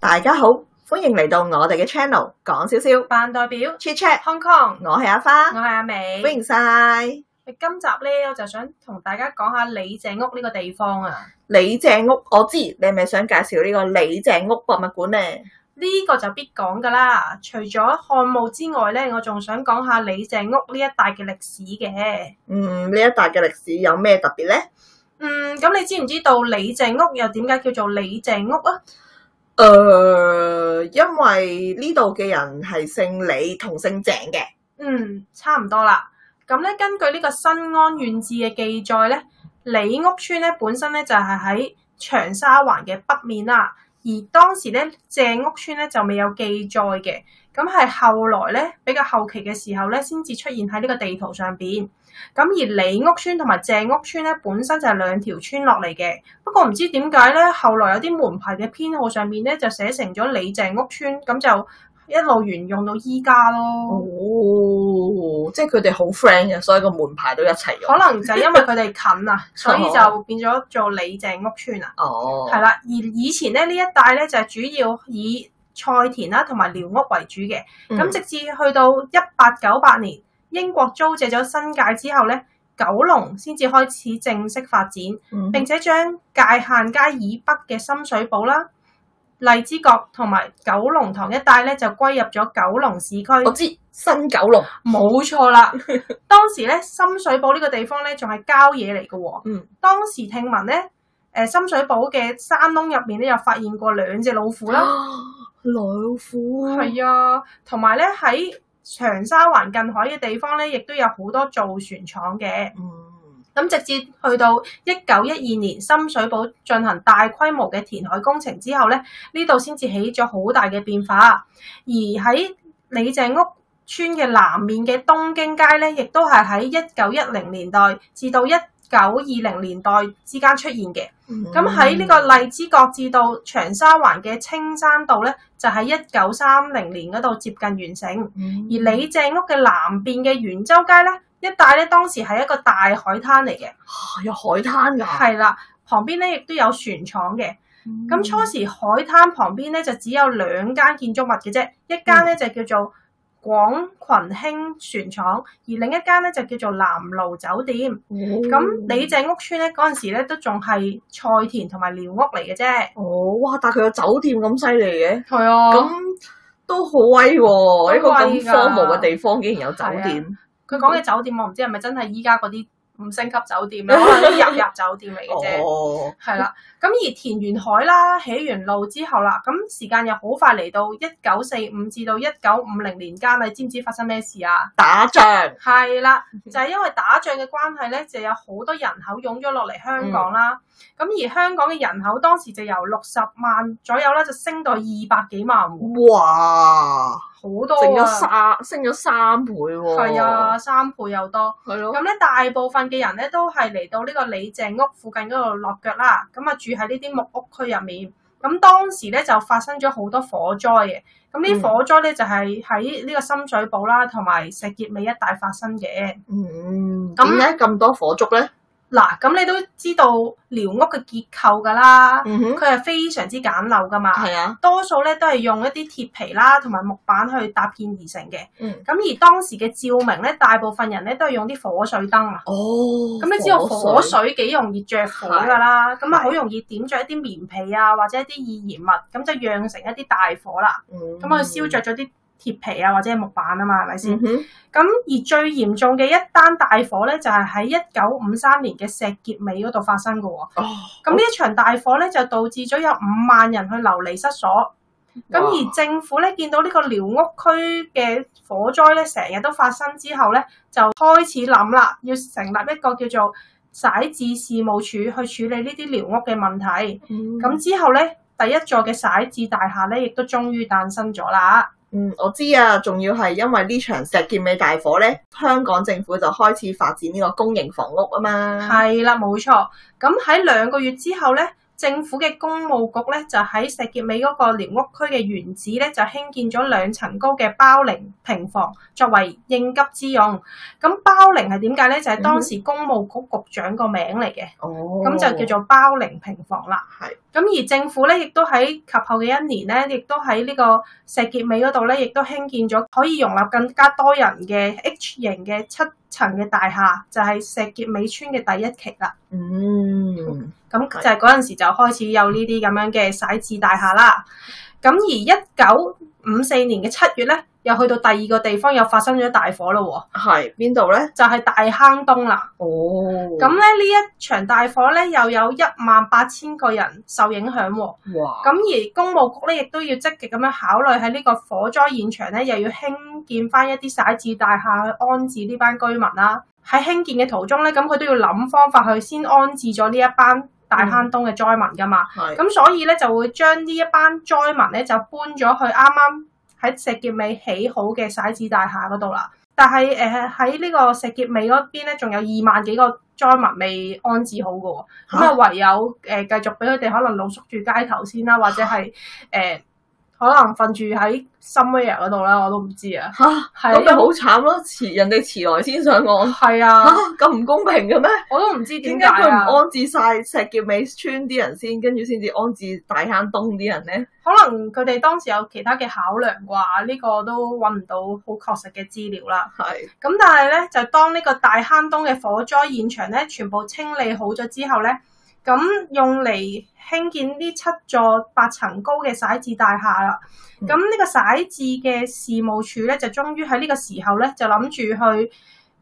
大家好，歡迎嚟到我哋嘅 channel，講少少，扮代表 Chit Chat Hong Kong，我係阿花，我係阿美，歡迎晒。今集呢，我就想同大家講下李鄭屋呢個地方啊。李鄭屋，我知你係咪想介紹呢個李鄭屋博物館咧？呢個就必講噶啦，除咗漢墓之外咧，我仲想講下李鄭屋呢一帶嘅歷史嘅。嗯，呢一帶嘅歷史有咩特別咧？嗯，咁你知唔知道李鄭屋又點解叫做李鄭屋啊？誒、呃，因為呢度嘅人係姓李同姓鄭嘅。嗯，差唔多啦。咁咧，根據呢個《新安縣志》嘅記載咧，李屋村咧本身咧就係、是、喺長沙灣嘅北面啦。而當時咧，鄭屋村咧就未有記載嘅，咁係後來咧比較後期嘅時候咧，先至出現喺呢個地圖上邊。咁而李屋村同埋鄭屋村咧，本身就係兩條村落嚟嘅，不過唔知點解咧，後來有啲門牌嘅編號上面咧就寫成咗李鄭屋村，咁就，一路沿用到依家咯，哦、即係佢哋好 friend 嘅，所以個門牌都一齊用。可能就係因為佢哋近啊， 所以就變咗做李鄭屋村啦。哦，係啦，而以前咧呢一帶咧就主要以菜田啦同埋寮屋為主嘅。咁、嗯、直至去到一八九八年，英國租借咗新界之後咧，九龍先至開始正式發展，嗯、並且將界限街以北嘅深水埗啦。荔枝角同埋九龍塘一帶咧，就歸入咗九龍市區。我知新九龍，冇錯啦。 當時咧，深水埗呢個地方咧，仲係郊野嚟嘅。嗯，當時聽聞咧，誒，深水埗嘅山窿入面咧，又發現過兩隻老虎啦。 老虎啊！係啊，同埋咧喺長沙灣近海嘅地方咧，亦都有好多造船廠嘅。咁直至去到一九一二年深水埗進行大規模嘅填海工程之後咧，呢度先至起咗好大嘅變化。而喺李鄭屋村嘅南面嘅東京街咧，亦都係喺一九一零年代至到一九二零年代之間出現嘅。咁喺呢個荔枝角至到長沙灣嘅青山道咧，就喺一九三零年嗰度接近完成。而李鄭屋嘅南邊嘅元州街咧。一帶咧當時係一個大海灘嚟嘅，有海灘噶係啦，旁邊咧亦都有船廠嘅。咁、嗯、初時海灘旁邊咧就只有兩間建築物嘅啫，一間咧、嗯、就叫做廣群興船廠，而另一間咧就叫做南路酒店。咁李鄭屋村咧，嗰陣時咧都仲係菜田同埋寮屋嚟嘅啫。哦，哇！但係佢有酒店咁犀利嘅，係啊，咁都好威喎！一個咁荒蕪嘅地方竟然有酒店。 對佢講嘅酒店，我唔知係咪真係依家嗰啲五星級酒店咧， 可能都入入酒店嚟嘅啫。哦， 係啦，咁而填完海啦、起完路之後啦，咁時間又好快嚟到一九四五至到一九五零年間，你知唔知發生咩事啊？打仗係啦，就係、係、因為打仗嘅關係咧，就有好多人口湧咗落嚟香港啦。咁、嗯、而香港嘅人口當時就由六十萬左右咧，就升到二百幾萬戶。哇！好多、啊，升咗三，升咗三倍喎、啊。係啊，三倍又多。係咯、啊。咁咧，大部分嘅人咧都係嚟到呢個李鄭屋附近嗰度落腳啦。咁啊，住喺呢啲木屋區入面。咁當時咧就發生咗好多火災嘅。咁啲火災咧就係喺呢個深水埗啦，同埋石硤尾一帶發生嘅。嗯。點解咁多火燭咧？嗱，咁你都知道寮屋嘅結構噶啦，佢係、嗯、哼非常之簡陋噶嘛，啊、多數咧都係用一啲鐵皮啦同埋木板去搭建而成嘅。咁、嗯、而當時嘅照明咧，大部分人咧都係用啲火水燈啊。咁、哦、你知道火水幾容易着火噶啦，咁啊好容易點着一啲棉被啊或者一啲易燃物，咁就釀成一啲大火啦。咁啊燒着咗啲。嗯鐵皮啊，或者係木板啊嘛，係咪先？咁、mm hmm. 而最嚴重嘅一單大火咧，就係喺一九五三年嘅石硤尾嗰度發生嘅喎。咁呢、oh. 一場大火咧，就導致咗有五萬人去流離失所。咁、oh. 而政府咧見到呢個寮屋區嘅火災咧，成日都發生之後咧，就開始諗啦，要成立一個叫做徙置事務處去處理呢啲寮屋嘅問題。咁、mm hmm. 之後咧，第一座嘅徙置大廈咧，亦都終於誕生咗啦。嗯，我知啊，仲要係因為呢場石硤尾大火咧，香港政府就開始發展呢個公營房屋啊嘛。係啦，冇錯。咁喺兩個月之後咧，政府嘅公務局咧就喺石硤尾嗰個寮屋區嘅原址咧就興建咗兩層高嘅包寧平房，作為應急之用。咁包寧係點解咧？就係、是、當時公務局局長個名嚟嘅。哦、嗯哼。咁就叫做包寧平房啦。係。咁而政府咧，亦都喺及後嘅一年咧，亦都喺呢個石硤尾嗰度咧，亦都興建咗可以容納更加多人嘅 H 型嘅七層嘅大廈，就係、是、石硤尾村嘅第一期啦。嗯，咁就係嗰陣時就開始有呢啲咁樣嘅徙置大廈啦。咁而一九五四年嘅七月咧，又去到第二個地方，又發生咗大火咯喎、哦。係邊度咧？呢就係大坑東啦。哦。咁咧呢一場大火咧，又有一萬八千個人受影響喎、哦。哇！咁而公務局咧，亦都要積極咁樣考慮喺呢個火災現場咧，又要興建翻一啲徙置大廈去安置呢班居民啦、啊。喺興建嘅途中咧，咁佢都要諗方法去先安置咗呢一班。大坑東嘅災民㗎嘛，咁、嗯、所以咧就會將呢一班災民咧就搬咗去啱啱喺石硤尾起好嘅徙置大廈嗰度啦。但係誒喺呢個石硤尾嗰邊咧，仲有二萬幾個災民未安置好嘅喎，咁啊唯有誒、呃、繼續俾佢哋可能露宿住街頭先啦，或者係誒。呃啊可能瞓住喺新圍嗰度啦，我都唔知啊。嚇，咁咪好慘咯！遲人哋遲來先上岸。係啊。嚇，咁唔公平嘅咩？ 我都唔知點解。點解佢唔安置晒石硤尾村啲人先，跟住先至安置大坑東啲人咧？可能佢哋當時有其他嘅考量啩？呢個都揾唔到好確實嘅資料啦。係是。咁但係咧，就當呢個大坑東嘅火災現場咧，全部清理好咗之後咧。咁用嚟興建呢七座八層高嘅徙置大廈啦。咁呢、嗯、個徙置嘅事務處咧，就終於喺呢個時候咧，就諗住去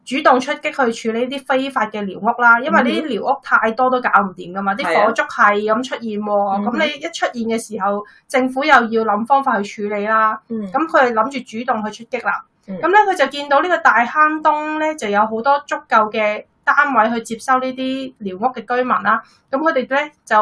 主動出擊去處理啲非法嘅寮屋啦。因為啲寮屋太多都搞唔掂噶嘛，啲、嗯、火燭係咁出現，咁、嗯、你一出現嘅時候，政府又要諗方法去處理啦。咁佢哋諗住主動去出擊啦。咁咧佢就見到呢個大坑東咧就有好多足夠嘅單位去接收呢啲寮屋嘅居民啦，咁佢哋咧就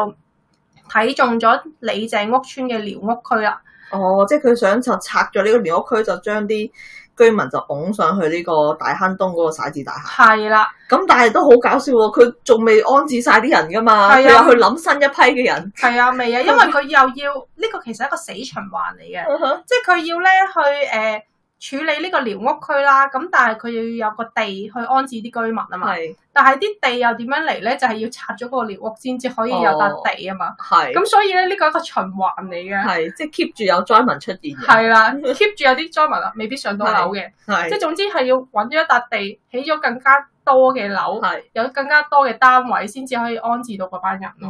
睇中咗李鄭屋村嘅寮屋區啦。哦，即係佢想就拆咗呢個寮屋區，就將啲居民就拱上去呢個大坑東嗰個徙置大廈。係啦的，咁但係都好搞笑喎，佢仲未安置晒啲人噶嘛，啊的，去諗新一批嘅人。係啊，未啊，因為佢又要呢 個其實係一個死循環嚟嘅，uh huh. 即係佢要咧去誒。呃處理呢個寮屋區啦，咁但係佢要有個地去安置啲居民啊嘛。係是。但係啲地又點樣嚟咧？就係、是、要拆咗個寮屋先至可以有笪地啊嘛。係、哦。咁所以咧，呢個係一個循環嚟嘅。係，即係 keep 住有災民出地。係啦，keep 住有啲災民啊，未必上到樓嘅。係。 是即係總之係要揾咗一笪地，起咗更加多嘅樓，是有更加多嘅單位先至可以安置到嗰班人咯。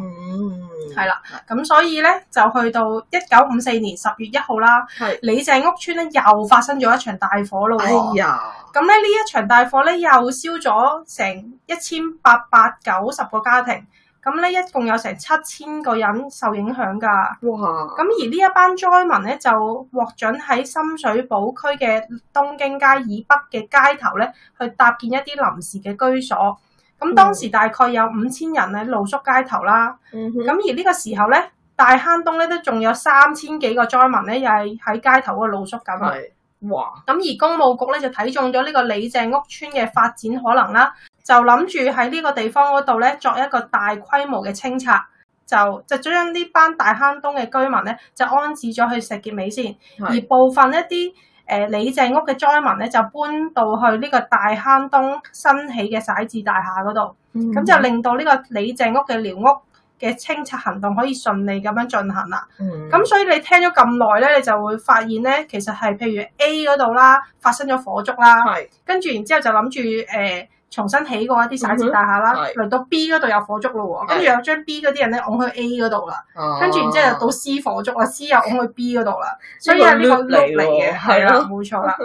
係啦、嗯，咁所以咧就去到一九五四年十月一號啦。的李鄭屋村咧又發生咗一場大火咯。咁咧呢一場大火咧又燒咗成一千八百九十個家庭。咁咧，一共有成七千個人受影響㗎。哇！咁而呢一班災民咧，就獲准喺深水埗區嘅東京街以北嘅街頭咧，去搭建一啲臨時嘅居所。咁、嗯、當時大概有五千人喺露宿街頭啦。咁、嗯、哼而呢個時候咧，大坑東咧都仲有三千幾個災民咧，又係喺街頭嗰度露宿緊。係哇！咁而公務局咧就睇中咗呢個李鄭屋村嘅發展可能啦。就諗住喺呢個地方嗰度咧，作一個大規模嘅清拆，就就將呢班大坑東嘅居民咧，就安置咗去石硤尾先。而部分一啲誒、呃、李鄭屋嘅災民咧，就搬到去呢個大坑東新起嘅徙置大廈嗰度。咁、嗯、就令到呢個李鄭屋嘅寮屋嘅清拆行動可以順利咁樣進行啦。咁、嗯、所以你聽咗咁耐咧，你就會發現咧，其實係譬如 A 嗰度啦，發生咗火燭啦，嗯嗯、跟住然之後就諗住誒。呃呃重新起過一啲徙置大廈啦，輪到 B 嗰度有火燭咯喎，跟住又將 B 嗰啲人咧往去 A 嗰度啦，跟住然之後到 C 火燭，啊 C 又往去 B 嗰度啦，所以係呢個 loop 嚟嘅，係啦，冇錯啦。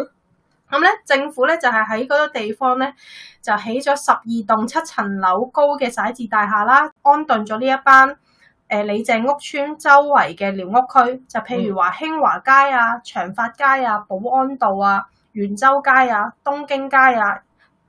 咁咧，政府咧就係喺嗰個地方咧，就起咗十二棟七層樓高嘅徙置大廈啦，安頓咗呢一班誒李鄭屋村周圍嘅寮屋區，就譬如話興華街啊、長發街啊、保安道啊、元州街啊、東京街啊。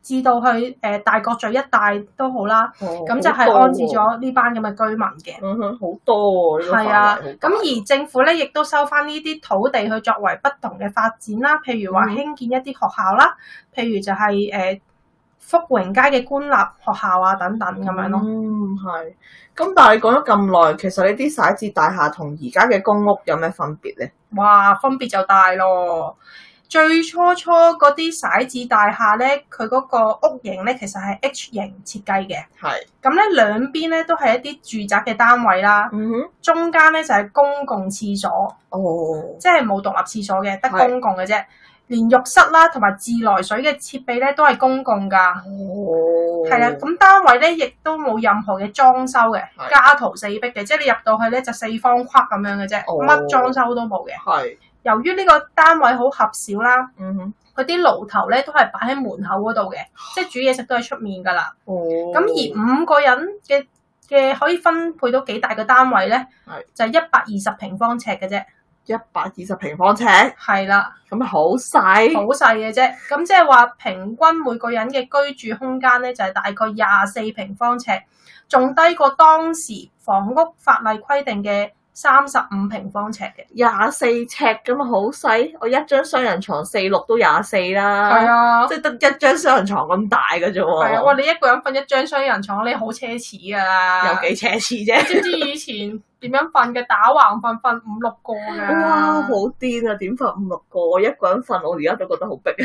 至到去誒、呃、大角咀一帶都好啦，咁、哦、就係安置咗呢班咁嘅居民嘅、嗯。嗯好、嗯、多喎。係、這個、啊，咁而政府咧亦都收翻呢啲土地去作為不同嘅發展啦，譬如話興建一啲學校啦，嗯、譬如就係、是、誒、呃、福榮街嘅官立學校啊等等咁樣咯。嗯，係。咁但係講咗咁耐，其實呢啲徙置大廈同而家嘅公屋有咩分別咧？哇，分別就大咯～最初初嗰啲骰子大廈咧，佢嗰個屋型咧，其實係 H 型設計嘅。係是。咁咧兩邊咧都係一啲住宅嘅單位啦。嗯哼。中間咧就係公共廁所。哦。即係冇獨立廁所嘅，得公共嘅啫。係是。連浴室啦，同埋自來水嘅設備咧，都係公共㗎。哦。係啊，咁單位咧亦都冇任何嘅裝修嘅，家徒四壁嘅，即係你入到去咧就四方框咁樣嘅啫，乜裝、哦、修都冇嘅。係。由於呢個單位好狹小啦，佢、嗯、啲爐頭咧都係擺喺門口嗰度嘅，即係煮嘢食都係出面㗎啦。咁、哦、而五個人嘅嘅可以分配到幾大嘅單位咧？係是就係一百二十平方尺嘅啫。一百二十平方尺？係啦，咁好細，好細嘅啫。咁即係話平均每個人嘅居住空間咧，就係、是、大概廿四平方尺，仲低過當時房屋法例規定嘅三十五平方尺嘅，廿四尺咁，好細！我一張雙人床四六都廿四啦，係啊，即係得一張雙人床咁大嘅啫喎。係啊，哇！你一個人瞓一張雙人床，你好奢侈噶、啊、啦。有幾奢侈啫？知唔知以前點樣瞓嘅？打橫瞓，瞓五六個嘅、啊。哇，好癲啊！點瞓五六個？我一個人瞓，我而家都覺得好逼啊。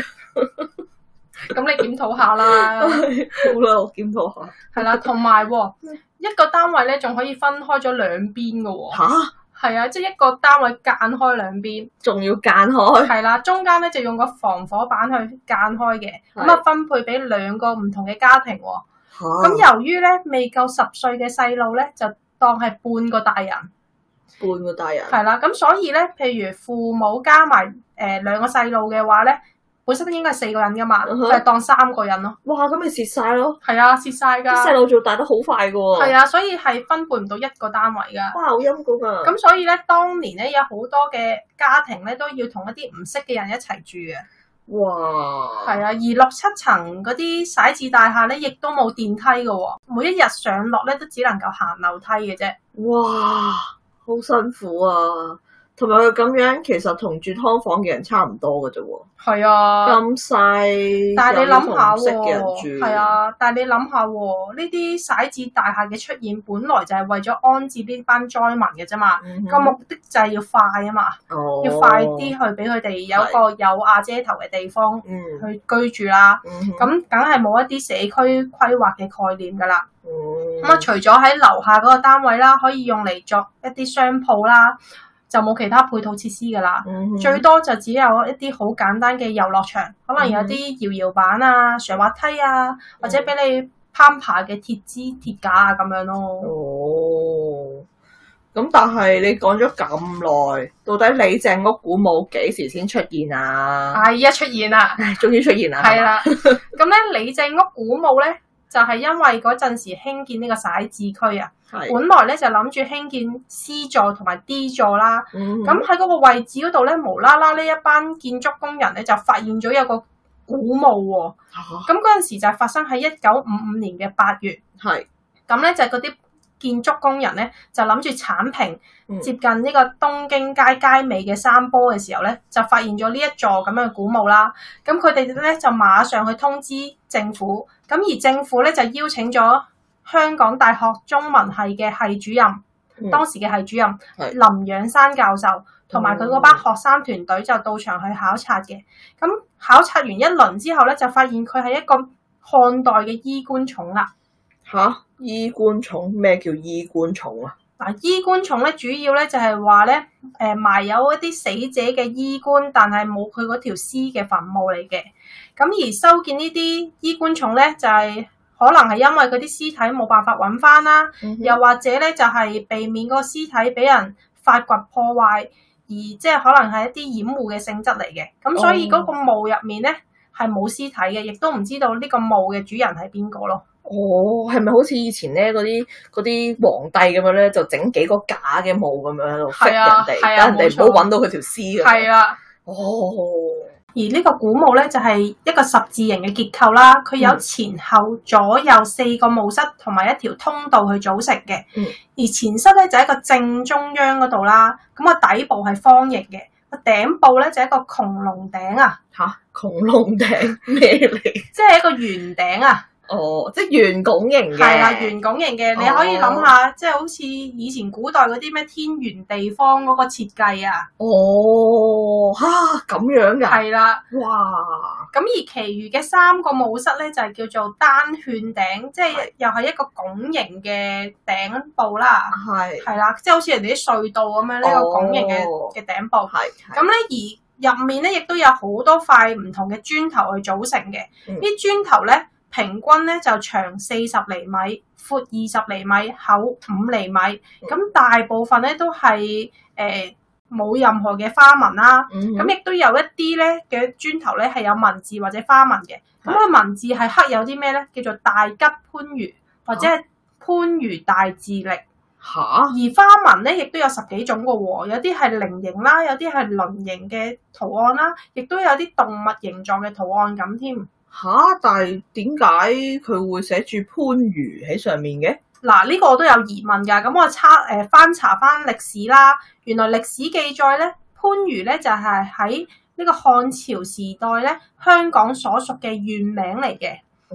咁 你檢討下啦、哎，好啦，我檢討下。係啦， 同埋喎。一個單位咧，仲可以分開咗兩邊嘅喎、哦。吓蛤，係啊，即係一個單位間開兩邊，仲要間開。係啦、啊，中間咧就用個防火板去間開嘅，咁啊是分配俾兩個唔同嘅家庭、哦。咁蛤、嗯、由於咧未夠十歲嘅細路咧，就當係半個大人。半個大人。係啦、啊，咁、嗯、所以咧，譬如父母加埋誒、呃、兩個細路嘅話咧。本身都應該係四個人㗎嘛，就係、uh huh. 當三個人咯。哇！咁咪蝕晒咯。係啊，蝕曬㗎。啲細路做大得好快㗎喎。係啊，所以係分配唔到一個單位㗎。哇！好陰功啊。咁所以咧，當年咧有好多嘅家庭咧都要同一啲唔識嘅人一齊住嘅。哇！係啊，而六七層嗰啲徙置大廈咧，亦都冇電梯嘅喎、啊，每一日上落咧都只能夠行樓梯嘅啫。哇！好辛苦啊～同埋佢咁樣，其實同住劏房嘅人差唔多嘅啫喎。係啊，咁細，但係你諗下喎，係啊。但係你諗下喎，呢啲徙置大廈嘅出現，本來就係為咗安置呢班災民嘅啫嘛。個、嗯、哼目的就係要快啊嘛，哦、要快啲去俾佢哋有一個有阿、啊、遮頭嘅地方去居住啦。咁梗係冇一啲社區規劃嘅概念噶啦。咁啊，除咗喺樓下嗰個單位啦，可以用嚟作一啲商鋪啦。就冇其他配套設施噶啦，嗯、哼最多就只有一啲好簡單嘅遊樂場，可能有啲搖搖板啊、上滑梯啊，或者俾你攀爬嘅鐵枝鐵架啊咁樣咯。哦，咁但係你講咗咁耐，到底李鄭屋古墓幾時先出現啊？哎呀，出現啦！唉，終於出現啦！係啦， 咁咧李鄭屋古墓咧。就係因為嗰陣時興建呢個徙置區啊，的本來咧就諗住興建 C 座同埋 D 座啦，咁喺嗰個位置嗰度咧，無啦啦呢一班建築工人咧就發現咗有個古墓喎，咁嗰陣時就發生喺一九五五年嘅八月，咁咧的就係嗰啲，建築工人咧就諗住鏟平接近呢個東京街街尾嘅山坡嘅時候咧，就發現咗呢一座咁樣嘅古墓啦。咁佢哋咧就馬上去通知政府。咁而政府咧就邀請咗香港大學中文系嘅系主任，嗯、當時嘅系主任是林養山教授，同埋佢嗰班學生團隊就到場去考察嘅。咁考察完一輪之後咧，就發現佢係一個漢代嘅衣冠冢啦。嚇、啊！衣冠冢，咩叫衣冠冢啊？嗱，衣冠冢咧，主要咧就係話咧，誒，埋有一啲死者嘅衣冠，但係冇佢嗰條屍嘅墳墓嚟嘅。咁而修建呢啲衣冠冢咧，就係可能係因為嗰啲屍體冇辦法揾翻，啦，嗯、哼又或者咧就係避免個屍體俾人發掘破壞，而即係可能係一啲掩護嘅性質嚟嘅。咁、嗯、所以嗰個墓入面咧係冇屍體嘅，亦都唔知道呢個墓嘅主人係邊個咯。哦，係咪、oh, 好似以前咧嗰啲啲皇帝咁樣咧，就整幾個假嘅墓咁樣喺度識人哋，等人哋唔好揾到佢條屍咁。係啊，哦。啊 oh. 而呢個古墓咧就係、是、一個十字形嘅結構啦，佢有前後左右四個墓室同埋一條通道去組成嘅。嗯、而前室咧就係、一個正中央嗰度啦，咁個底部係方形嘅，個頂部咧就係、一個穹窿頂啊。嚇！穹窿頂咩嚟？ 即係一個圓頂啊！哦，即係圓拱形嘅。係啦，圓拱形嘅你可以諗下，即係好似以前古代嗰啲咩天圓地方嗰個設計啊。哦，嚇咁樣㗎？係啦，哇！咁而其餘嘅三個墓室咧，就係叫做單券頂，即係又係一個拱形嘅頂部啦。係係啦，即係好似人哋啲隧道咁樣呢個拱形嘅嘅頂部。係咁咧，而入面咧亦都有好多塊唔同嘅磚頭去組成嘅啲磚頭咧。平均咧就長四十厘米，闊二十厘米，厚五厘米。咁大部分咧都係誒冇任何嘅花紋啦、啊。咁亦、嗯、喲都有一啲咧嘅磚頭咧係有文字或者花紋嘅。咁個、嗯、喲文字係刻有啲咩咧？叫做大吉番禺或者係番禺大智力。嚇、啊！而花紋咧亦都有十幾種嘅喎、啊，有啲係菱形啦，有啲係輪形嘅圖案啦，亦都有啲動物形狀嘅圖案咁添。嚇！但係點解佢會寫住番禺喺上面嘅？嗱，呢個我都有疑問㗎。咁我查誒、呃、翻查翻歷史啦，原來歷史記載咧，番禺咧就係喺呢個漢朝時代咧，香港所屬嘅縣名嚟嘅。哦、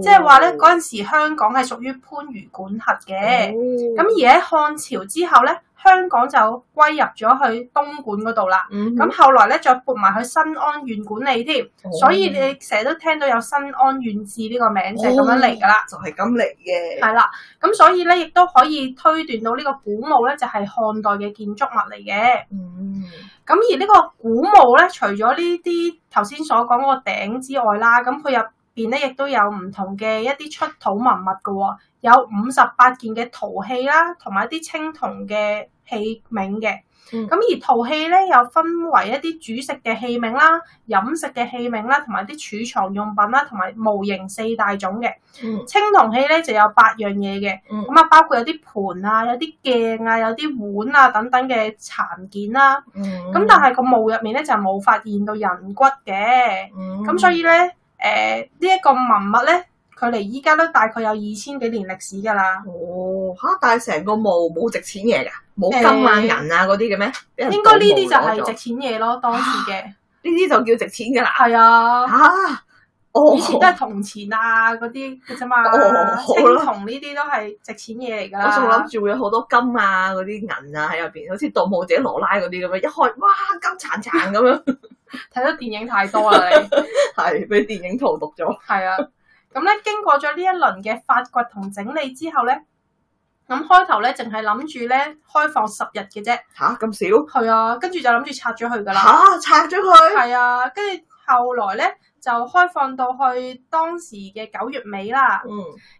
即係話咧嗰陣時香港係屬於番禺管轄嘅。咁、哦、而喺漢朝之後咧。香港就歸入咗去東莞嗰度啦。咁、嗯、後來咧，再撥埋去新安縣管理添。嗯、所以你成日都聽到有新安縣志呢個名，嗯、就係咁樣嚟㗎啦，就係咁嚟嘅。係啦，咁所以咧，亦都可以推斷到呢個古墓咧，就係漢代嘅建築物嚟嘅。咁、嗯、而呢個古墓咧，除咗呢啲頭先所講嗰個頂之外啦，咁佢入邊咧亦都有唔同嘅一啲出土文物㗎喎，有五十八件嘅陶器啦，同埋一啲青銅嘅器皿嘅，咁、嗯、而陶器咧又分為一啲煮食嘅器皿啦、飲食嘅器皿啦，同埋啲儲藏用品啦，同埋模型四大種嘅。青、嗯、銅器咧就有八樣嘢嘅，咁啊、嗯、包括有啲盤啊、有啲鏡啊、有啲碗啊，碗啊等等嘅殘件啦。咁但係個墓入面咧就冇發現到人骨嘅，咁所以咧，誒呢一個文物咧，佢離依家都大概有二千幾年歷史㗎啦。嚇、啊！但係成個墓冇值錢嘢㗎，冇金啊銀啊嗰啲嘅咩？啊、應該呢啲就係值錢嘢咯，啊、當時嘅呢啲就叫值錢嘅啦。係啊，嚇、啊！哦、以前都係銅錢啊嗰啲嘅啫嘛，銅呢啲都係值錢嘢嚟噶。我仲諗住會有好多金啊嗰啲銀啊喺入邊，好似《盜墓者羅拉》嗰啲咁樣一開，哇金燦燦咁樣。睇得電影太多啦，你係俾 電影荼毒咗。係啊、 嗯，咁咧經過咗呢一輪嘅發掘同整理之後咧。咁開頭咧，淨係諗住咧開放十日嘅啫。吓咁、啊、少？係啊，跟住就諗住拆咗佢噶啦。吓拆咗佢？係啊，跟住、啊、後來咧就開放到去當時嘅九月尾啦。嗯、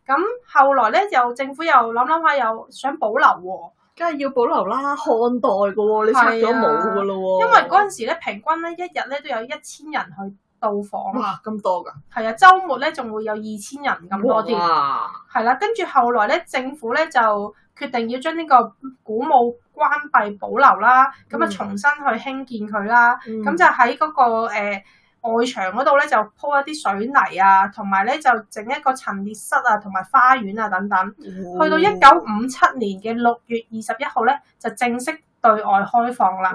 咁、嗯、後來咧又政府又諗諗下又想保留喎，梗係要保留啦，漢代嘅喎，你拆咗冇噶咯。因為嗰陣時咧平均咧一日咧都有一千人去到訪啊，咁多㗎，係啊，週末咧仲會有二千人咁多添，係啦哇。跟住後來咧，政府咧就決定要將呢個古墓關閉保留啦，咁啊、嗯、重新去興建佢啦。咁、嗯、就喺嗰、那個、呃、外牆嗰度咧，就鋪一啲水泥啊，同埋咧就整一個陳列室啊，同埋花園啊等等。去、嗯、到一九五七年嘅六月二十一號咧，就正式對外開放啦。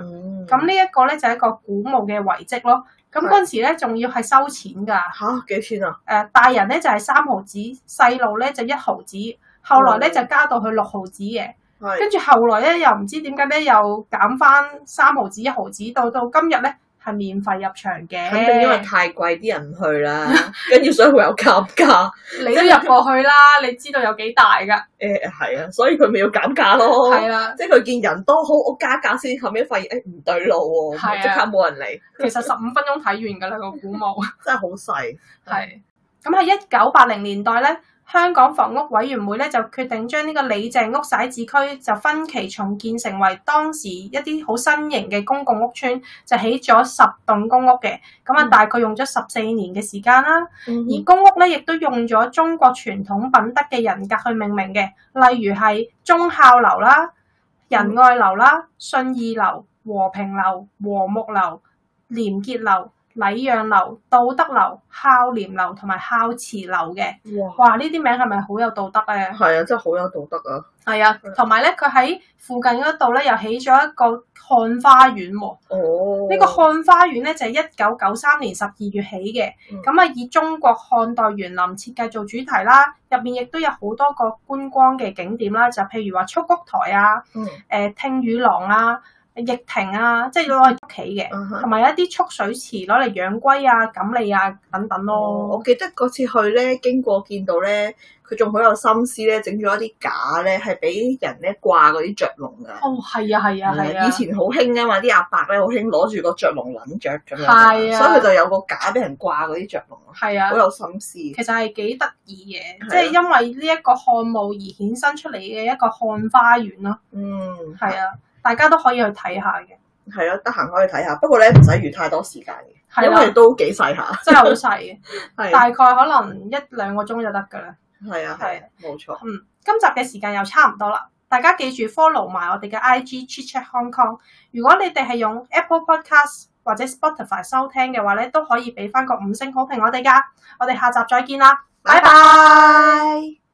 咁呢一個咧就係一個古墓嘅遺跡咯。嗯嗯咁嗰陣時咧，仲要係收錢噶嚇，幾錢啊？誒、uh, 大人咧就係、是、三毫子，細路咧就一毫子，後來咧就加到去六毫子嘅。的跟住後來咧又唔知點解咧又減返三毫子、一毫子，到到今日咧。係免費入場嘅，肯定因為太貴啲人唔去啦。跟住所以佢有減價， 你都入過去啦，你知道有幾大㗎？誒係啊，所以佢咪要減價咯。係啦、啊，即係佢見人多好，我加價先，後尾發現誒唔、哎、對路喎、啊，即、啊、刻冇人嚟。其實十五分鐘睇完㗎啦， 個古墓真係好細。係、啊，咁喺一九八零年代咧。香港房屋委員會咧就決定將呢個李鄭屋徙置區就分期重建，成為當時一啲好新型嘅公共屋邨。就起咗十棟公屋嘅，咁啊大概用咗十四年嘅時間啦。嗯、哼而公屋咧亦都用咗中國傳統品德嘅人格去命名嘅，例如係忠孝樓啦、仁愛樓啦、信義樓、和平樓、和睦樓、廉潔樓。禮讓樓、道德樓、孝廉樓同埋孝慈樓嘅，哇！呢啲名係咪好有道德咧？係啊，真係好有道德啊！係啊的，同埋咧，佢喺附近嗰度咧又起咗一個漢花園喎。哦，呢個漢花園咧就係一九九三年十二月起嘅，咁啊、嗯、以中國漢代園林設計做主題啦，入面亦都有好多個觀光嘅景點啦，就譬如話蓄谷台啊，誒、嗯呃、聽雨廊啊。疫停啊，即係攞嚟屋企嘅，同埋一啲蓄水池攞嚟養龜啊、錦鯉啊等等咯。我記得嗰次去咧，經過見到咧，佢仲好有心思咧，整咗一啲架咧，係俾人咧掛嗰啲雀籠噶。哦，係啊，係啊，係啊！以前好興噶嘛，啲阿伯咧好興攞住個雀籠揇雀咁樣，所以佢就有個架俾人掛嗰啲雀籠。係啊，好有心思。其實係幾得意嘅，即係因為呢一個漢墓而衍生出嚟嘅一個漢花園咯。嗯，係啊。大家都可以去睇下嘅，係咯、啊，得閒可以睇下。不過咧，唔使預太多時間嘅，啊、因為都幾細下，真係好細嘅，係、 啊、大概可能一兩個鐘就得㗎啦。係啊，係冇、啊、錯。嗯，今集嘅時間又差唔多啦，大家記住 follow 埋我哋嘅 IG ChitChat Hong Kong。如果你哋係用 Apple Podcast 或者 Spotify 收聽嘅話咧，都可以俾翻個五星好評我哋㗎。我哋下集再見啦，拜拜。